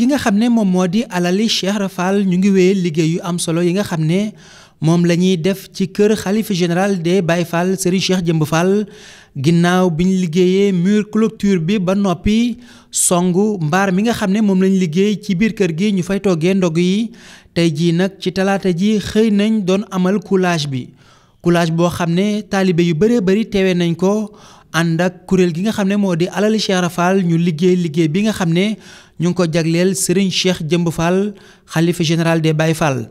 gi nga xam ne moom moo di alali Cheikh Rafal ñu ngi wéyal liggéey yu am solo yi nga xam ne moom la ñuy def ci kër xalifa général de Baye Fall Serigne Cheikh Jëmb Fall ginnaaw bi ñu liggéeyee mur clôture bi ba noppi song mbaar mi nga xam ne moom lañ liggéey ci biir kër gi ñu fay toggee ndog yi tey jii nag ci talaata ji xëy nañ doon amal coulage bi coulage boo xam ne taalibe yu bëree bari teewee nañ ko ànd ak kuréel gi nga xam ne moo di alali Cheikh ñu liggéey liggéey bi nga xam ne ñu ngi ko jagleel Serigne Cheikh Jëmb Fall xalifa général des Baye Fall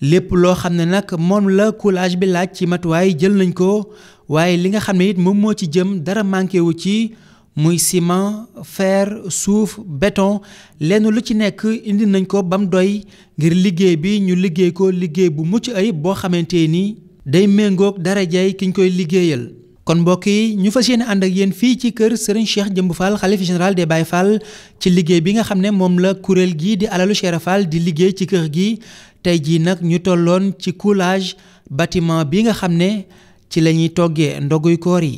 lépp loo xam ne nag moom la coulage bi laaj ci matuwaay jël nañ ko waaye li nga xam ne it moom moo ci jëm dara manqué wu ci muy ciment fer suuf beton lenn lu ci nekk indi nañ ko bam doy ngir liggéey bi ñu liggéey ko liggéey bu mucc ayib boo xamante ni day méngoog darajay ki ñu koy liggéeyal. kon mbokk yi ñu fa yéene ànd ak yéen fii ci kër Serigne Cheikh Jëmb Fall xalif général des Baye Fall ci liggéey bi nga xam ne moom la kuréel gii di alalu Cheikh Fall di liggéey ci kër gi tey jii nag ñu tolloon ci coulage bâtiment bi nga xam ne ci la ñuy toggee ndoguy koor yi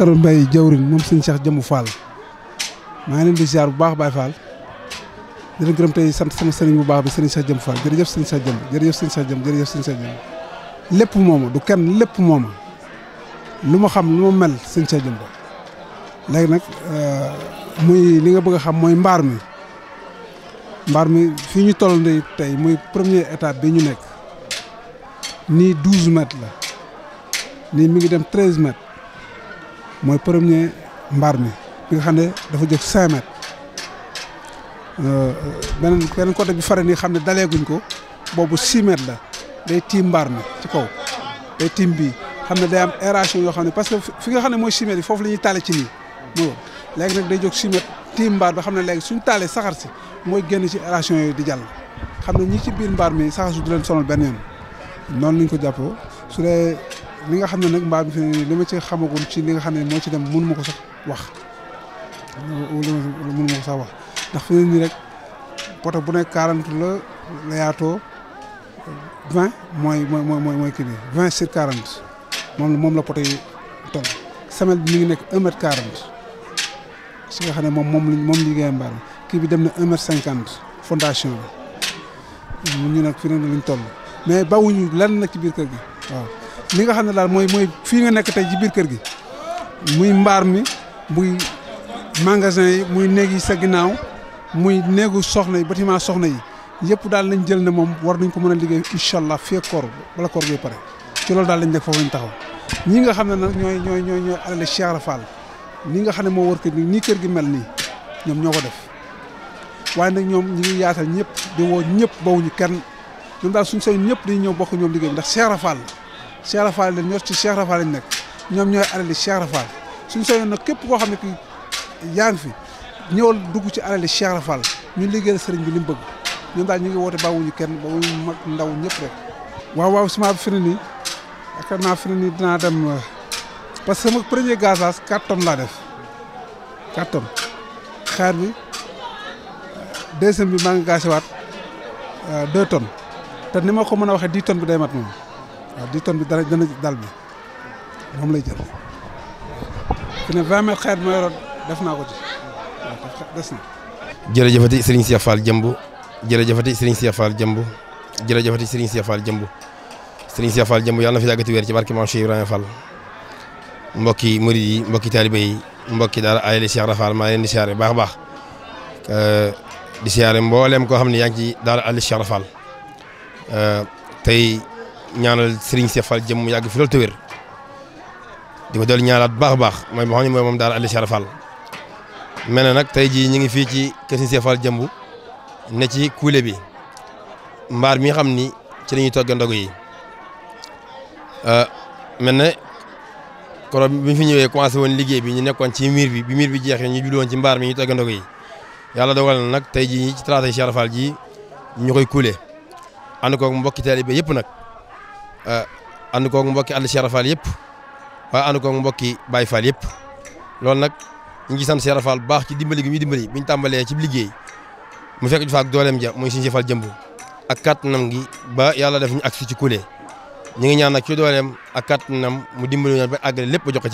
Babacar mbay jawriñ moom sëñ Cheikh Jëmu Fall maa ngi leen di ziar bu baax Baye Fall di leen gërëm tey sant sama sëriñ bu baax bi sëriñ Cheikh Jëmu Fall jërëjëf sëñ Cheikh Jëmu jërëjëf sëñ Cheikh Jëmu jërëjëf sëñ Cheikh Jëmu lépp mooma du kenn lépp mooma lu ma xam lu ma mel sëñ Cheikh Jëmu léegi nag euh, muy li nga bëgg a xam mooy mbaar mi mbaar mi fii ñu toll nii tey muy premier étape bi ñu nekk nii douze mètres la nii mi ngi dem treize mooy premier mbaar mi bi nga xam ne dafa jóg 5 mètres euh, beneen beneen côté bi fare nii xam ne daleeguñ ko boobu 6 la day tiim mbaar mi ci kaw day tiim bii xam ne day am aération yoo xam ne parce que fi nga xam ne mooy 6 mètres yi foofu la ñuy taale ci nii moo léegi day jóg 6 mètres tiim mbaar ba xam ne léegi suñ taalee saxar si mooy génn ci aération yi di jàll xam ne ñii ci biir mbaar mi saxar si du leen benn yoon noonu lañ ko jàppoo su dee li nga xam ne nag mbaam fi li ma xamagul ci li nga xam ne moo ci dem mënu ma ko sax wax mënu ndax nii rek poto bu nekk quarante la la yaatoo vingt mooy mooy mooy mooy kii bi vingt sur quarante moom moom la poto yi toll bi mi ngi nekk un mètre si nga xam ne moom moom lañ moom liggéeyam mbaam kii bi dem na un cinquante fondation bi ñu nag fi ne lañ toll mais bawuñu lan nag ci biir kër gi waaw li nga xam ne daal mooy mooy fii nga nekk tey ci biir kër gi muy mbaar mi muy magasin yi muy néeg yi sa ginnaaw muy néegu soxna yi bâtiment soxna yi yëpp daal lañ jël ne moom war nañ ko mën a liggéey incha allah fii koor bala koor gi pare ci daal lañ nekk foofu lañ taxaw ñi nga xam ne nag ñooy ñooy ñooy ñooy alal Cheikh Ibra Fall ni nga xam ne moo war kër gi nii kër gi mel nii ñoom ñoo ko def waaye nag ñoom ñi ngi yaatal ñëpp di woo ñëpp bawuñu kenn ñoom daal suñu sañ ñëpp dañuy ñëw bokk ñoom liggéey bi ndax Cheikh Ibra Cheikh Rafaal lañ ñor ci Cheikh nekk ñoom ñooy alali Cheikh Rafaal suñ sooyoon nag képp koo xam ne ki yaa fi ñëwal dugg ci alali Cheikh Rafaal ñu liggéeyal sëriñ bi li mu bëgg ñun daal ñu ngi woote bawuñu kenn bawuñu mag ndaw ñëpp rek. waaw waaw semence bi fi nii yaakaar naa fi nii dinaa dem euh, parce que sama premier gazage 4 tonnes laa def 4 tonnes xaar bi deuxième bi maa ngi gazewaat 2 euh, tonnes te ni ma ko mën a waxee 10 tonnes bi day mat moom. waaw 10 tonnes bi dara dana dal bi moom lay jël fi ne 20 mètres xeet ma yoroon def naa ko ci waaw des na. jërëjëfati Jëmbu jërëjëfati Serigne Cheikh Fall Jëmbu jërëjëfati Serigne Cheikh Jëmbu Serigne Cheikh Fall Jëmbu yàlla na fi yàggati wér ci barke Maam Cheikh Ibrahima mbokki murid yi mbokki taalibe yi mbokki daal ayeli Cheikh Rafal maa leen di siyaare baax baax di siyaare mboolem koo xam ne yaa ngi ci daal ayeli Cheikh Rafal tey. ñaanal Serigne Cheikh Fall jëm mu yàgg fi loolu te wér di ko dool ñaanalaat baax a baax mooy ma xam ne mooy moom daal Aliou Cheikh Fall mel na nag tey jii ñu ngi fii ci kër Serigne Cheikh jëmb ne ci kuule bi mbaar mi nga xam ni ci la ñuy togg yi euh, mel na korob bi fi ñëwee commencé woon liggéey bi ñu nekkoon ci miir bi bi miir bi jeex ñu julloon ci mbaar mi ñu togg ndogu yi yàlla dogal na nag tey ji ci traité Cheikh Fall ji ñu koy kuule ànd koog mbokki taalibe yëpp nag. Euh, ànd koog mbokki àll Cheikh Rafal yëpp waaye ànd koog mbokki Baye Fall yëpp loolu nag ñu ngi sant Cheikh bu baax ci dimbali gi ñuy dimbali bi ñu tàmbalee ci liggéey mu fekk ñu fa ak dooleem ja muy suñu Cheikh Fall jëmb ak kàttanam gi ba yàlla def ñu agsi ci Koulé ñu ngi ñaan nag ci dooleem ak kàttanam mu dimbali ñu ba àggale lépp ba jox ko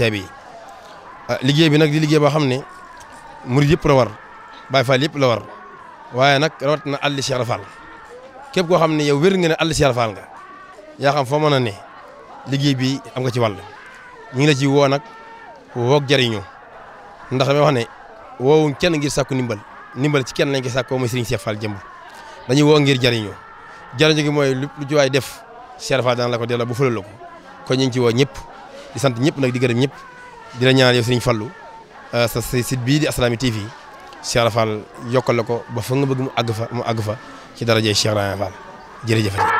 ah, liggéey bi nag di liggéey boo xam ne mu yëpp la war Baye Fall yëpp la war waaye nag rawatina na Cheikh Rafal képp koo xam ne yow wér nga ne àll Cheikh nga yaa xam foo mën a ne liggéey bi am nga ci wàll ñu ngi la ci woo nag woog jariñu ndax damay wax ne woowuñ kenn ngir sàkku ndimbal ndimbal ci kenn lañ koy sàkkoo mooy Serigne Cheikh Fall jëmb dañuy woo ngir jariñu jariñu gi mooy lu ci waay def Cheikh Fall dana la ko delloo bu fële la ko kon ñu ngi ci woo ñëpp di sant ñëpp nag di gërëm ñëpp di la ñaan yow Serigne Fallou euh, sa site bii di Assalaamy TV Cheikh Fall yokkal la ko ba fa nga bëgg mu àgg fa mu àgg fa ci darajee Cheikh Raya jërëjëf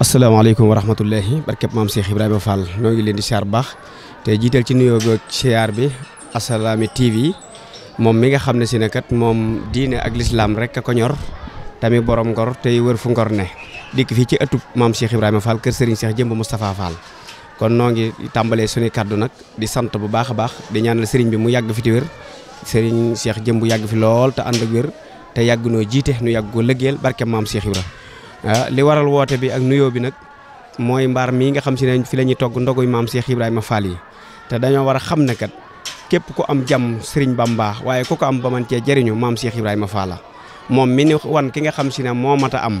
asalaamaaleykum wa rahmatullahi barkeb maam Cheikh Ibrahima Fall noo ngi leen di siyaar baax te jiital ci nuyoo goog siyaar bi Assalaamy TV moom mi nga xam ne si ne kat moom diine ak lislaam rek a ko ñor tamit borom ngor tey wër fu ngor ne dikk fii ci ëttub maam Cheikh Ibrahima Fall kër Serigne Cheikh Jëmb Moustapha Fall kon noo ngi tàmbalee suñu kàddu nag di sant bu baax a baax di ñaanal Serigne bi mu yàgg fi ti wér Serigne Cheikh Jëmb yàgg fi lool te ànd ak te yàgg noo jiite nu yàgg ko lëggeel barkeb maam Cheikh Ibrahima Ah, li waral woote bi ak nuyoo bi nag mooy mbaar mii nga xam si ne fi lañuy ñuy togg ndoguy maam Cheikh Ibrahima Fall yi te dañoo war a xam ne kat képp ku am jàmm Sëriñ Bamba waaye ku ko am ba man cee jëriñu maam Cheikh Ibrahima Fall moom mi ni wan ki nga xam si ne moo mat a am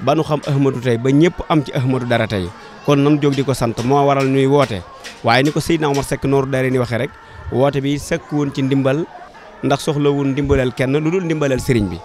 ba nu xam Ahmadou tey ba ñëpp am ci Ahmadou dara tey kon nan jóg di ko sant moo waral ñuy woote waaye ni ko Seydina Omar sekk nooru dare ni waxee rek woote bi sekk woon ci ndimbal ndax soxlawul ndimbalal kenn lu dul ndimbalal sëriñ bi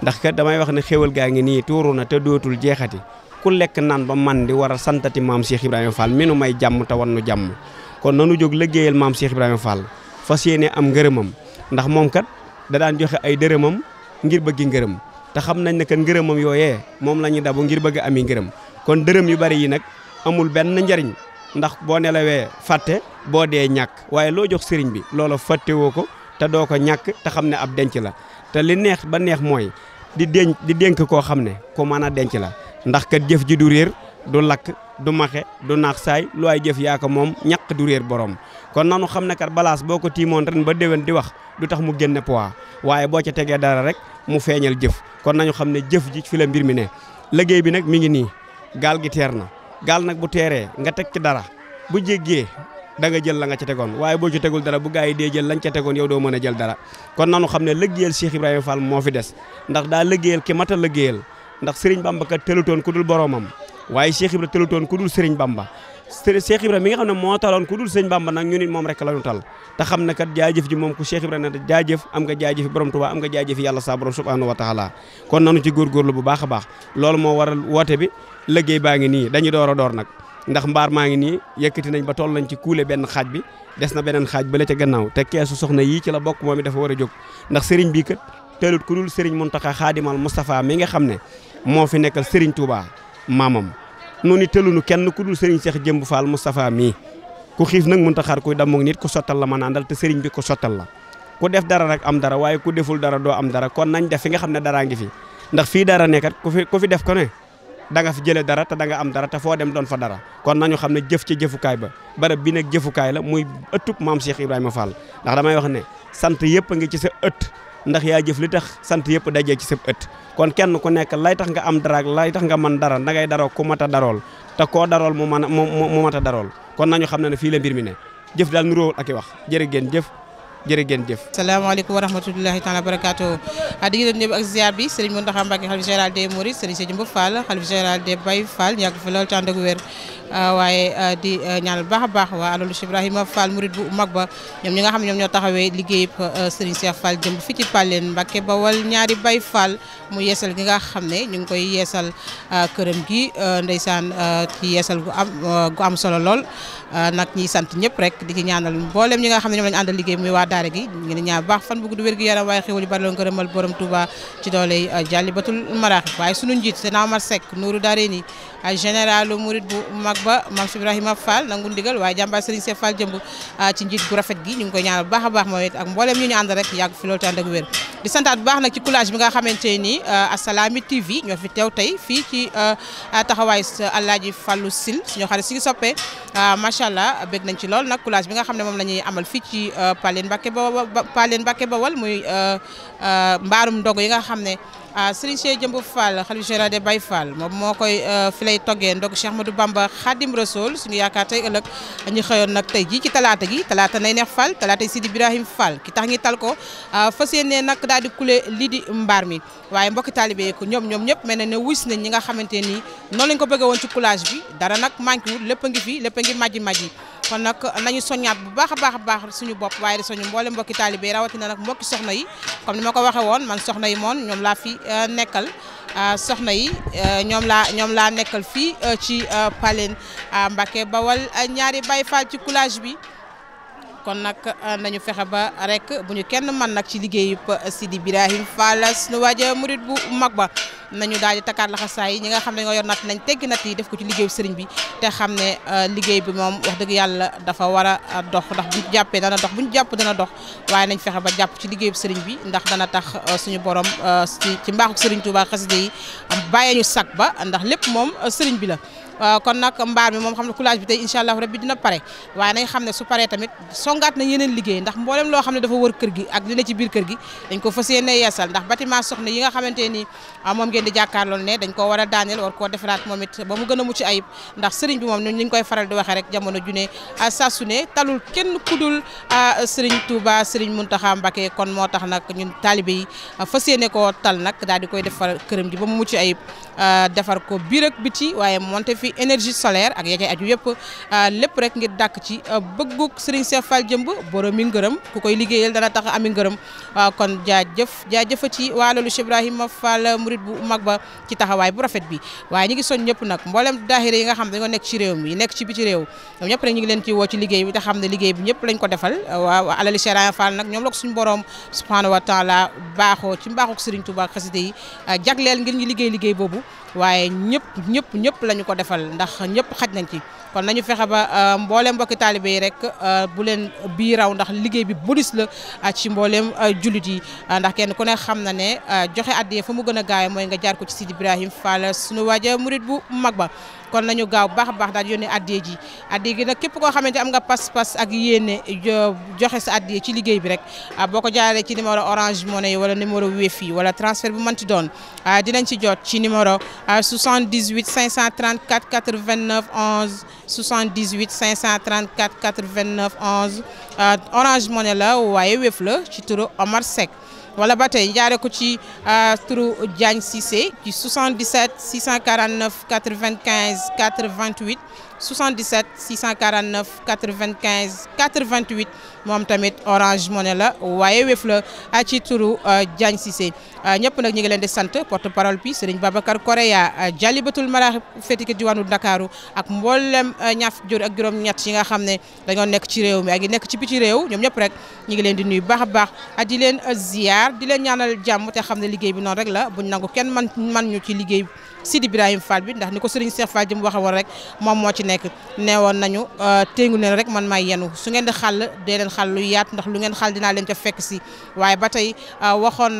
ndax kat damay wax ne xéwal gaa ngi nii tuuru na te dootul jeexati ku lekk naan ba man di war a santati maam Cheikh Ibrahima Fall mi nu may jàmm te wan nu jàmm kon nanu jóg liggéeyal maam Cheikh Ibrahima Fall fa yéene am ngërëmam ndax moom kat da daan joxe ay dërëmam ngir bëggi ngërëm te xam nañ ne kat ngërëmam yooye moom la ñuy dabu ngir bëgg ami ngërëm kon dërëm yu bari yi nag amul benn njariñ ndax boo nelawee fàtte boo dee ñàkk waaye loo jox sëriñ bi loola fàttewoo ko te doo ko ñàkk te xam ne ab denc la te li neex ba neex mooy di denc di dénk koo xam ne ku mën a denc la ndax kat jëf ji du réer du lakk du maxe du naax saay lu ay jëf yaa ko moom ñaq du réer borom kon nanu xam ne kat balaas boo ko tiimoon ren ba déwén di wax du tax mu génne poids waaye boo ca tegee dara rek mu feeñal jëf kon nañu xam ne jëf ji fi mbir mi ne liggéey bi nag mi ngi nii gaal gi teer na gaal nag bu teeree nga teg ci dara bu jéggee da jël la nga ca tegoon waaye boo ci tegul dara bu gaa yi dee jël lañ ca tegoon yow doo mën a jël dara kon nanu xam ne lëggéeyal Cheikh Ibrahima Fall moo fi des ndax daa lëggéeyal ki mat a lëggéeyal ndax Serigne ku dul boromam waaye Cheikh Ibrahima tëlutoon ku dul Serigne Bamba Cheikh Ibrahima mi nga xam ne moo taloon ku dul Serigne Bamba nag ñu nit moom rek la ñu tal te xam ne kat jaajëf ji moom ku Cheikh Ibrahima ne jaajëf am nga jaajëfi borom Tuubaa am nga jaajëfi yàlla sa borom subhanahu wa taala kon nanu ci góorgóorlu bu baax a baax loolu moo waral woote bi lëggéey baa ngi nii dañu door a door nag ndax mbaar maa ngi nii yëkkati nañ ba toll nañ ci kuule benn xaaj bi des na beneen xaaj ba la ca gannaaw te keesu soxna yii ci la bokk moom it dafa war a jóg ndax sëriñ bii kat teelut ku dul sëriñ Muntaxa Xaadimal Moustapha mi nga xam ne moo fi nekkal sëriñ Touba maamam ni tëlunu kenn ku dul sëriñ seex Jëmb Fall mustafaa mii ku xiif nag mënta xaar kuy dammoog nit ku sottal la mën a àndal te sëriñ bi ko sottal la ku def dara rek am dara waaye ku deful dara doo am dara kon nañ def fi nga xam ne daraa ngi fi ndax fii dara nekkat ku fi fi def ko ne da nga fi jëlee dara te da nga am dara te foo dem doon fa dara kon nañu xam ne jëf ci jëfukaay ba barab bi nag jëfukaay la muy ëttub maam Cheikh Ibrahima Fall ndax damay wax ne sant yëpp a ngi ci sa ëtt ndax yaa jëf li tax sant yëpp dajee ci sa ëtt kon kenn ku nekk lay tax nga am dara ak lay tax nga mën dara da ngay daroo ku mat a darool te koo darool mu mën a mu mat a darool kon nañu xam ne ne fii la mbir mi ne jëf daal nuróowul ak i wax jërë ngeen jëf jërë ngeen jëf salaamaaleykum wa rahmatullahi taala barakaatu ah, di ak ziar bi Serigne Mountakha Mbacké xalif général des Mourides Serigne Sidi Mboup Fall xalif général des Baye Fall ah, ah, baax a baax waa alalu Cheikh Ibrahima Fall Mouride bu mag ba ñoom ñi xam ne ñoom ñoo taxawee liggéeyub Serigne Cheikh Fall jëm fi ci Pàlleen Mbacké Bawal ñaari bay Fall mu yeesal gi nga xam ne ñu ngi koy yeesal këram gi ndeysaan ci yeesal gu am gu am solo lool nag ñiy sant ñëpp rek di ci ñaanal mboolem ñi nga xam ne ñoom lañu àndal liggéey muy waa daara gi ngi ne baax fan bu gudd wér gi yaram waaye xéwal yu bari loon ko remal borom Touba ci doole euh, jàlli batul maraax waaye sunu njiit Seydina Omar Seck Nourou Darayni euh, général Mouride bu mag ba Mame Ibrahima Fall nangu ndigal waaye jàmbaar Serigne Cheikh Fall jëmb euh, ci njiit gu rafet gi ñu ngi koy ñaanal baax baax moom it ak mboolem ñu ñu ànd rek yàgg fi loolu te ànd ak wér di santaat bu baax nag ci coulage bi nga xamante ni euh, Assalaamy TV ñoo fi teew tey fii ci euh, taxawaayu Alaaji Fallou Sil suñu xarit si soppee euh, macha allah bëgg nañ ci lool nag coulage bi nga xam ne moom la ñuy amal fii ci Paleen Mbacké ba Paleen Mbacké Bawol muy mbaarum ndogu yi nga xam ne ah Serigne Cheikh Jëmb Fall xalifa général des Baye Fall moom moo koy euh, fi lay toggee ndog ma Ahmadou Bamba Khadim Rasoul suñu yaakaar tey ëllëg ñu xëyoon nag tey jii ci talaata gi talaata nay neex Fall talaata Sidi Ibrahim Fall ki tax ñi tal ko ah, fas yéene nag daal di kule lii di mbaar mi waaye mbokki taalibee ko ñoom ñoom ñëpp mel na ne wis nañ ñi nga xamante nii noonu lañ ko bëggee woon ci coulage bi dara nag manqué lépp a ngi fi lépp a ngi majji majji kon nag nañu soñaat bu baax a baax a baax suñu bopp waaye di soñu mboole mbokki taalibe yi rawatina nag mbokki soxna yi comme ni ma ko waxee woon man soxna yi moon ñoom laa fi euh, nekkal euh, soxna yi euh, ñoom laa ñoom laa nekkal fii ci Paleen Mbacke Bawal ñaari Baye Fall ci coulage bi kon nag euh, nañu fexe ba rek bu ñu kenn man nag ci liggéeyub euh, Sidi Birahim Fall sunu waaja murit bu mag ba nañu daal di takkaat laxasaay yi ñi nga xam ne ñoo yor natt nañ teggi natt yi def ko ci liggéeyu sëriñ bi te xam ne euh, liggéey bi moom wax dëgg yàlla dafa war a dox ndax buñ jàppee dana dox buñ jàpp dana dox waaye nañ fexe ba jàpp ci liggéeyub sëriñ bi ndax dana tax suñu borom ci mbaaxu sëriñ Touba xasida yi bàyyee ñu sag ba ndax lépp moom sëriñ bi la kon nag mbaar mi moom xam ne coulage bi tey incha allah rabbi dina pare waaye nañ xam ne su paree tamit songaat nañ yeneen liggéey ndax mboolem loo xam ne dafa wër kër gi ak li ne ci biir kër gi dañ ko fas yéene yeesal ndax bâtiment soxna yi nga xamante ah, koo war a daaneel war koo defaraat moom a mucc ayib ndax sëriñ bi moom ñu koy faral di waxee rek jamono junee ah, saa ah, kon moo tax nag ñun taalibe yi fas yéene koo tal nag daal di koy defar këram gi ba mu mucc ayib defar ko biir biti waaye monte fi muy énergie solaire ak yajay aju yëpp euh, lépp rek ngir dàkk ci euh, bëgguk Serigne Cheikh Fall jëmb boromi ngërëm ku koy liggéeyal dana tax ami ngërëm kon jaajëf jaajëfa ci waa loolu Cheikh Ibrahima Fall murit bu mag bi waaye ñi ngi soñ ñëpp nag mboolem daahira xam nekk ci réew mi nekk ci biti réew ñoom ñëpp rek ñu ngi leen ci woo ci liggéey bi te xam ne liggéey bi ñëpp lañ ko defal waaw alali Cheikh Ibrahima Fall nag ñoom la ko suñu borom subhanahu baaxoo ci mbaaxuk Serigne Touba xasida euh, jagleel ngir ñu liggéey liggéey boobu waaye ñëpp ñëpp ñëpp lañu ko defal ndax ñëpp xaj nañ ci kon nañu fexe ba euh, mbooleem mbokki taalibe yi rek euh, bu leen bii raw ndax liggéey bi bonus la euh, ci mbooleem jullit yi ndax kenn ku ne xam na ne joxe addiya fa mu gën a gaawe mooy nga jaar ko ci Sidi Ibrahim Fall sunu waaja murit bu mag ba kon nañu gaaw baax a baax daal yónnee addee ji addee gi nag képp koo xamante am nga pas-pas ak yéene joxe sa addee ci liggéey bi rek ah, boo ko jaaree ci numéro orange money wala numéro wéef yi wala transfert bu mënti doon ah, dinañ ci jot ci numéro 78 534 89 11 78 534 89 11 orange money la waaye wéef la ci turu Omar Seck. wala ba tey jaaree ko ci euh, turu Diagne Cissé ci 77 649 95 88. 77 649 95 88 moom tamit Orange Money la waaye weef la ci turu euh, Diagne Cissé euh, ñëpp nag ñu ngi leen di sant porte parole bi Serigne Babacar Koreya euh, Jalibatul Maraax féetike diwaanu Ndakaaru ak mboolem ñaaf jur ak juróom-ñett yi nga xam ne dañoo nekk ci réew mi ak yi nekk ci ci réew ñoom ñëpp rek ñu ngi leen di nuyu baax a di leen ziar di leen ñaanal jàmm te xam ne liggéey bi noonu rek la buñ nangu kenn man man ñu ci liggéey bi Sidi Ibrahima Fall bi ndax ni ko Serigne Cheikh Fall jëm waxe woon rek moom moo ci nekk nee woon nañu euh, téngu leen rek man may yenu su ngeen di xàll dee leen xàll lu yaat ndax lu ngeen xàll dinaa leen ca fekk si waaye ba tey euh, waxoon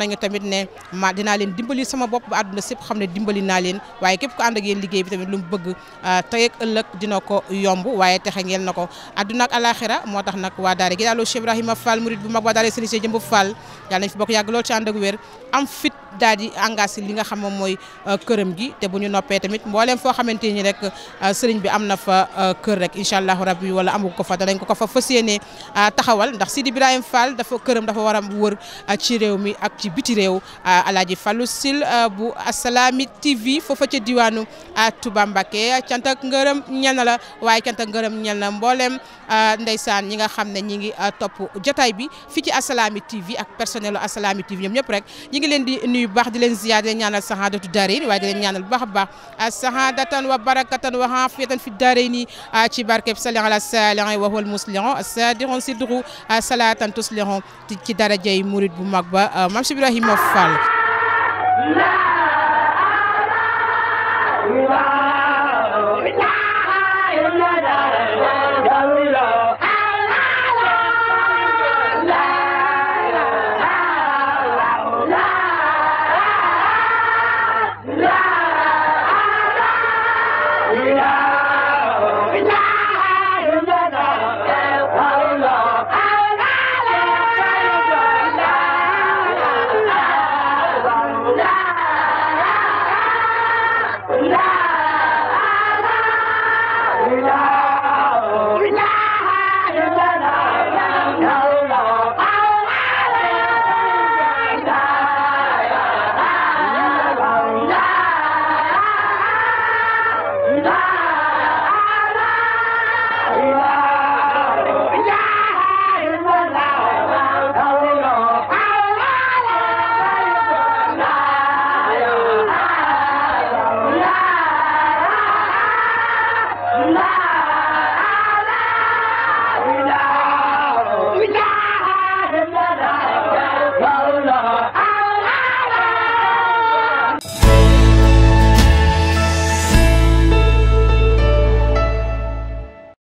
dimbali sama bopp ba àdduna sépp xam ne dimbali naa leen waaye képp ko ànd ak yéen liggéey bi tamit lu mu bëgg euh, tey ak ëllëg dina ko yomb waaye texe ngeen na ko àdduna ak alaxira moo tax nag waa daara gi daal Cheikh Ibrahima Fall murid bu mag waa daara Serigne Cheikh Jëmb Fall yàlla nañ fi bokk yàgg lool ci daal di engagé li nga xam moom mooy euh, këram gi te bu ñu noppee tamit mboolem foo xamante ni rek euh, sëriñ bi am na fa euh, kër rek incha allahu rabbi wala amu ko fa danañ ko ko fa fas yéene taxawal ndax Sidi Ibrahima Fall dafa këram dafa war a wër ci réew mi ak ci biti réew alaaji Fallou Sil bu Assalaamy TV foofa ca diwaanu a Mbacké canta ngërëm ñel na la waaye canta ngërëm ñel na mboolem ndeysaan ñi nga xam ne ñi ngi topp jotaay bi fii ci Assalaamy TV ak personnel Assalaamy TV ñoom ñëpp nuyu bu baax di leen ziyaar di leen ñaanal saxaadatu daarayni waaye di leen ñaanal bu baax a baax ah, saxaadatan wa barakatan wa xaafiyatan fi daarayni ah, ci barkeb sali ala salihin wa huwal muslihon ah, sadihon sidru salatan tuslihon ci darajey murid bu mag ba Mame Cheikh Ibrahima Fall